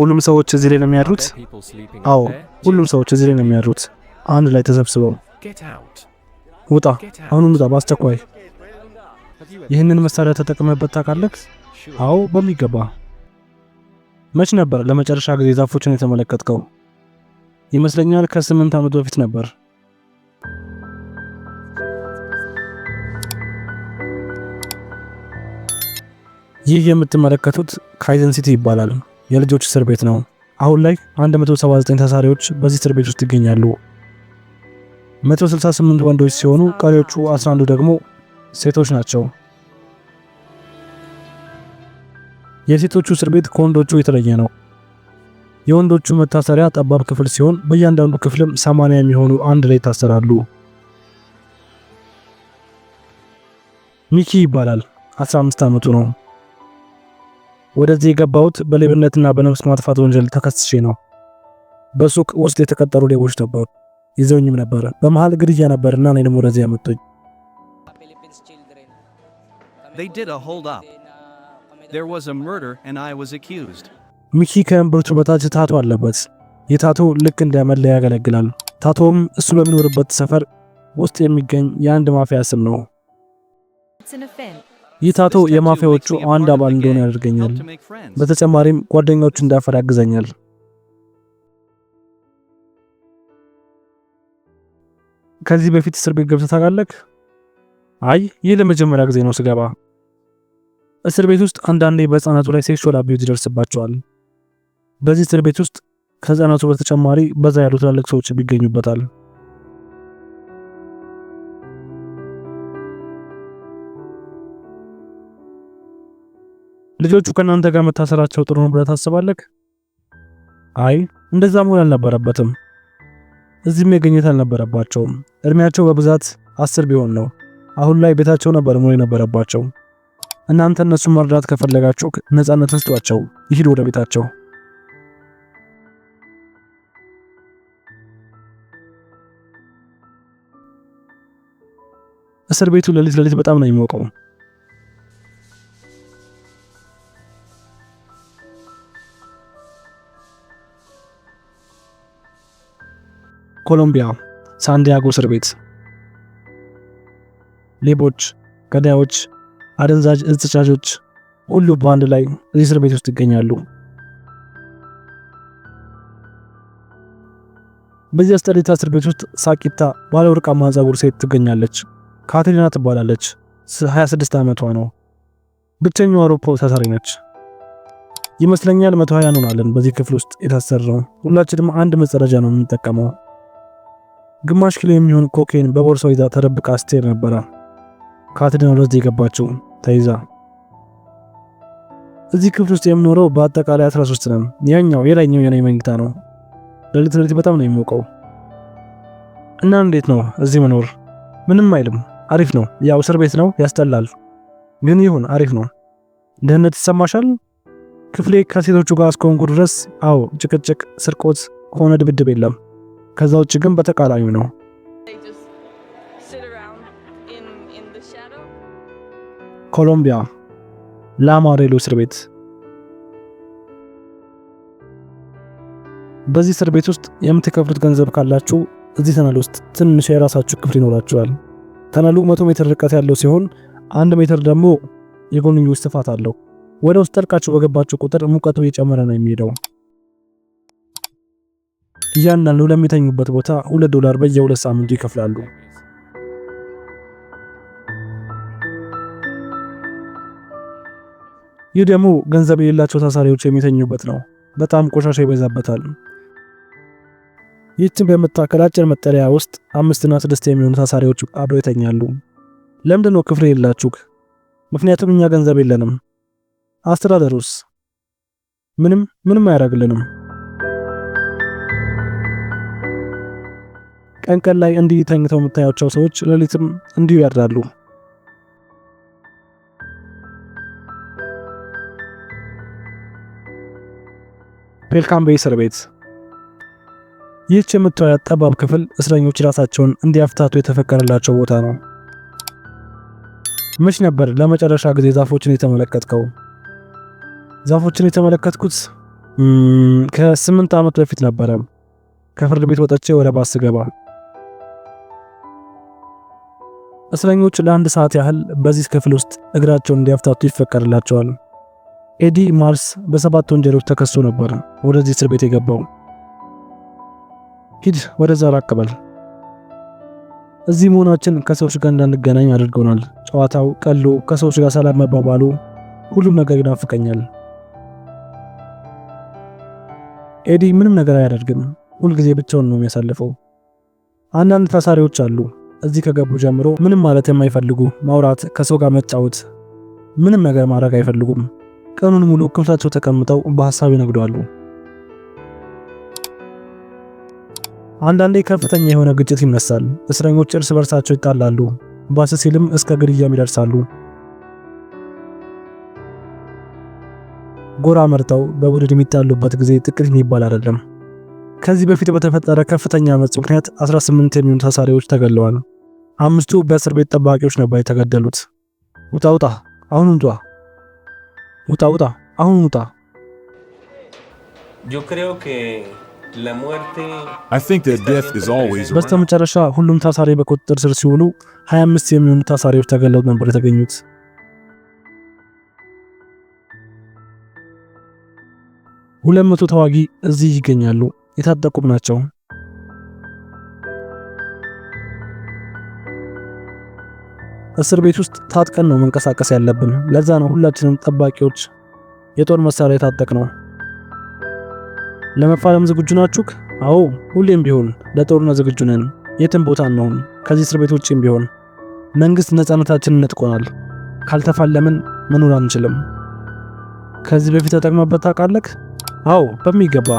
ሁሉም ሰዎች እዚህ ላይ ነው የሚያድሩት። አዎ ሁሉም ሰዎች እዚህ ላይ ነው የሚያድሩት፣ አንድ ላይ ተሰብስበው። ውጣ፣ አሁኑን ውጣ፣ በአስቸኳይ። ይህንን መሳሪያ ተጠቅመበት ታውቃለህ? አዎ በሚገባ። መች ነበር ለመጨረሻ ጊዜ ዛፎችን የተመለከትከው? ይመስለኛል ከስምንት ዓመት በፊት ነበር። ይህ የምትመለከቱት ካይዘን ሲቲ ይባላል። የልጆች እስር ቤት ነው። አሁን ላይ 179 ታሳሪዎች በዚህ እስር ቤት ውስጥ ይገኛሉ። 168 ወንዶች ሲሆኑ ቀሪዎቹ 11 ደግሞ ሴቶች ናቸው። የሴቶቹ እስር ቤት ከወንዶቹ የተለየ ነው። የወንዶቹ መታሰሪያ ጠባብ ክፍል ሲሆን በእያንዳንዱ ክፍልም 80 የሚሆኑ አንድ ላይ ይታሰራሉ። ሚኪ ይባላል። 15 ዓመቱ ነው። ወደዚህ የገባሁት በሌብነትና በነፍስ ማጥፋት ወንጀል ተከስሼ ነው። በሱቅ ውስጥ የተቀጠሩ ሌቦች ነበሩ፣ ይዘውኝም ነበረ። በመሃል ግድያ ነበርና እኔንም ወደዚህ ያመጡኝ። ሚኪ ከእምብርቱ በታች ታቶ አለበት። የታቶ ልክ እንደ መለያ ያገለግላል። ታቶም እሱ በሚኖርበት ሰፈር ውስጥ የሚገኝ የአንድ ማፊያ ስም ነው። ይህ ታቶ የማፊያዎቹ አንድ አባል እንደሆነ ያደርገኛል። በተጨማሪም ጓደኞች እንዳፈራ ያግዘኛል። ከዚህ በፊት እስር ቤት ገብተህ ታውቃለህ? አይ ይህ ለመጀመሪያ ጊዜ ነው ስገባ። እስር ቤት ውስጥ አንዳንዴ በህፃናቱ ላይ ሴክሹዋል አቢዩዝ ይደርስባቸዋል። በዚህ እስር ቤት ውስጥ ከህፃናቱ በተጨማሪ በዛ ያሉ ትላልቅ ሰዎች ይገኙበታል። ልጆቹ ከእናንተ ጋር መታሰራቸው ጥሩ ነው ብለህ ታስባለህ? አይ እንደዛ መሆን አልነበረበትም። እዚህ መገኘት አልነበረባቸውም። እድሜያቸው በብዛት አስር ቢሆን ነው። አሁን ላይ ቤታቸው ነበር መሆን የነበረባቸው። እናንተ እነሱን መርዳት ከፈለጋችሁ ነፃነት ስጧቸው፣ ይሂዱ ወደ ቤታቸው። እስር ቤቱ ለሊት ለሊት በጣም ነው የሚሞቀው። ኮሎምቢያ ሳንዲያጎ እስር ቤት ሌቦች፣ ገዳዮች፣ አደንዛዥ እጽ ሁሉ በአንድ ላይ እዚህ እስር ቤት ውስጥ ይገኛሉ። በዚህ አስጠሪታ እስር ቤት ውስጥ ሳቂታ ባለ ወርቃማ ፀጉር ሴት ትገኛለች። ካትሪና ትባላለች። 26 ዓመቷ ነው። ብቸኛዋ አውሮፓ ታሳሪ ነች። ይመስለኛል መቶ ሀያ እንሆናለን በዚህ ክፍል ውስጥ የታሰረው። ሁላችንም አንድ መጸረጃ ነው የምንጠቀመው። ግማሽ ኪሎ የሚሆን ኮኬን በቦርሳው ይዛ ተደብቃ ስትሄድ ነበረ። ካትሪና ወደዚህ የገባችው ተይዛ። እዚህ ክፍል ውስጥ የምኖረው በአጠቃላይ 13 ነን። ያኛው የላይኛው የኔ መኝታ ነው። ሌሊት በጣም ነው የሚሞቀው። እና እንዴት ነው እዚህ መኖር? ምንም አይልም፣ አሪፍ ነው። ያው እስር ቤት ነው፣ ያስጠላል፣ ግን ይሁን አሪፍ ነው። ደህንነት ይሰማሻል? ክፍሌ ከሴቶቹ ጋር እስከሆንኩ ድረስ አዎ፣ ጭቅጭቅ፣ ስርቆት ሆነ ድብድብ የለም። ከዛ ውጭ ግን በተቃራኒው ነው። ኮሎምቢያ ላማሬሎ እስር ቤት። በዚህ እስር ቤት ውስጥ የምትከፍሉት ገንዘብ ካላችሁ እዚህ ተነል ውስጥ ትንሽ የራሳችሁ ክፍል ይኖራችኋል። ተነሉ 100 ሜትር ርቀት ያለው ሲሆን አንድ ሜትር ደግሞ የጎንዮሽ ስፋት አለው። ወደ ውስጥ ጠልቃችሁ በገባችሁ ቁጥር ሙቀቱ እየጨመረ ነው የሚሄደው። እያንዳንዱ ለሚተኙበት ቦታ 2 ዶላር በየሁለት ሳምንቱ ይከፍላሉ። ይህ ደግሞ ገንዘብ የሌላቸው ታሳሪዎች የሚተኙበት ነው። በጣም ቆሻሻ ይበዛበታል። ይህችን በምታከል አጭር መጠለያ ውስጥ አምስትና ስድስት የሚሆኑ ታሳሪዎች አብረው ይተኛሉ። ለምንድን ነው ክፍል የሌላችሁ? ምክንያቱም እኛ ገንዘብ የለንም። አስተዳደሩስ ምንም ምንም አያደርግልንም። ቀን ቀን ላይ እንዲህ ተኝተው የምታያቸው ሰዎች ሌሊትም እንዲሁ ያድራሉ። ፔልካን ቤይ እስር ቤት ይህች የምታዩት ጠባብ ክፍል እስረኞች ራሳቸውን እንዲያፍታቱ የተፈቀደላቸው ቦታ ነው። መች ነበር ለመጨረሻ ጊዜ ዛፎችን የተመለከትከው? ዛፎችን የተመለከትኩት ከስምንት ዓመት በፊት ነበረ ከፍርድ ቤት ወጥቼ ወደ ባስ ስገባ እስረኞች ለአንድ ሰዓት ያህል በዚህ ክፍል ውስጥ እግራቸውን እንዲያፍታቱ ይፈቀድላቸዋል። ኤዲ ማርስ በሰባት ወንጀሎች ተከሶ ነበር ወደዚህ እስር ቤት የገባው። ሂድ ወደዛ ራቅ በል። እዚህ መሆናችን ከሰዎች ጋር እንዳንገናኝ አድርገውናል። ጨዋታው፣ ቀሎ፣ ከሰዎች ጋር ሰላም መባባሉ፣ ሁሉም ነገር ይናፍቀኛል። ኤዲ ምንም ነገር አያደርግም። ሁልጊዜ ብቻውን ነው የሚያሳልፈው። አንዳንድ ታሳሪዎች አሉ እዚህ ከገቡ ጀምሮ ምንም ማለት የማይፈልጉ ማውራት፣ ከሰው ጋር መጫወት፣ ምንም ነገር ማድረግ አይፈልጉም። ቀኑን ሙሉ ክፍላቸው ተቀምጠው በሀሳብ ይነግዷሉ። አንዳንዴ ከፍተኛ የሆነ ግጭት ይነሳል። እስረኞች እርስ በርሳቸው ይጣላሉ። ባስ ሲልም እስከ ግድያም ይደርሳሉ። ጎራ መርጠው በቡድን የሚጣሉበት ጊዜ ጥቂት የሚባል አይደለም። ከዚህ በፊት በተፈጠረ ከፍተኛ መጽ ምክንያት 18 የሚሆኑ ታሳሪዎች ተገለዋል። አምስቱ በእስር ቤት ጠባቂዎች ነበር የተገደሉት። ውጣ ውጣ! አሁን ውጣ! ውጣ ውጣ! አሁን ውጣ! በስተመጨረሻ ሁሉም ታሳሪ በቁጥጥር ስር ሲውሉ 25 የሚሆኑ ታሳሪዎች ተገለው ነበር የተገኙት። ሁለት መቶ ተዋጊ እዚህ ይገኛሉ፣ የታጠቁም ናቸው። እስር ቤት ውስጥ ታጥቀን ነው መንቀሳቀስ ያለብን። ለዛ ነው ሁላችንም ጠባቂዎች የጦር መሳሪያ የታጠቅ ነው። ለመፋለም ዝግጁ ናችሁ? አዎ፣ ሁሌም ቢሆን ለጦርነት ዝግጁ ነን። የትም ቦታ እንሆን፣ ከዚህ እስር ቤት ውጭም ቢሆን መንግስት ነፃነታችንን ነጥቆናል። ካልተፋለምን መኖር አንችልም። ከዚህ በፊት ተጠቅመበት ታውቃለህ? አዎ፣ በሚገባ